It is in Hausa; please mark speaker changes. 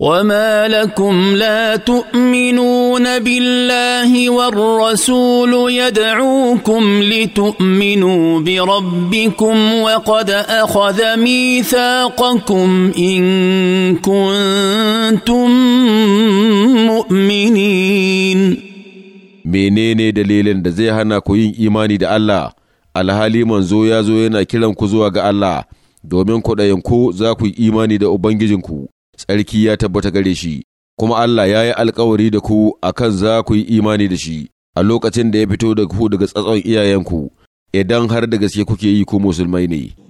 Speaker 1: وما لكم لا تؤمنون بالله والرسول يدعوكم لتؤمنوا بربكم وقد اخذ ميثاقكم ان كنتم مؤمنين
Speaker 2: menene dalilin da zai hana ku yin imani da Allah alhali manzo ya zo yana kiran ku zuwa ga Allah domin ku za ku yi imani da ubangijinku tsarki ya tabbata gare shi, kuma Allah ya yi alkawari da ku a kan za ku yi imani da shi
Speaker 3: a lokacin da ya fito da ku daga tsatson iyayenku, idan har da gaske kuke yi ku musulmai ne.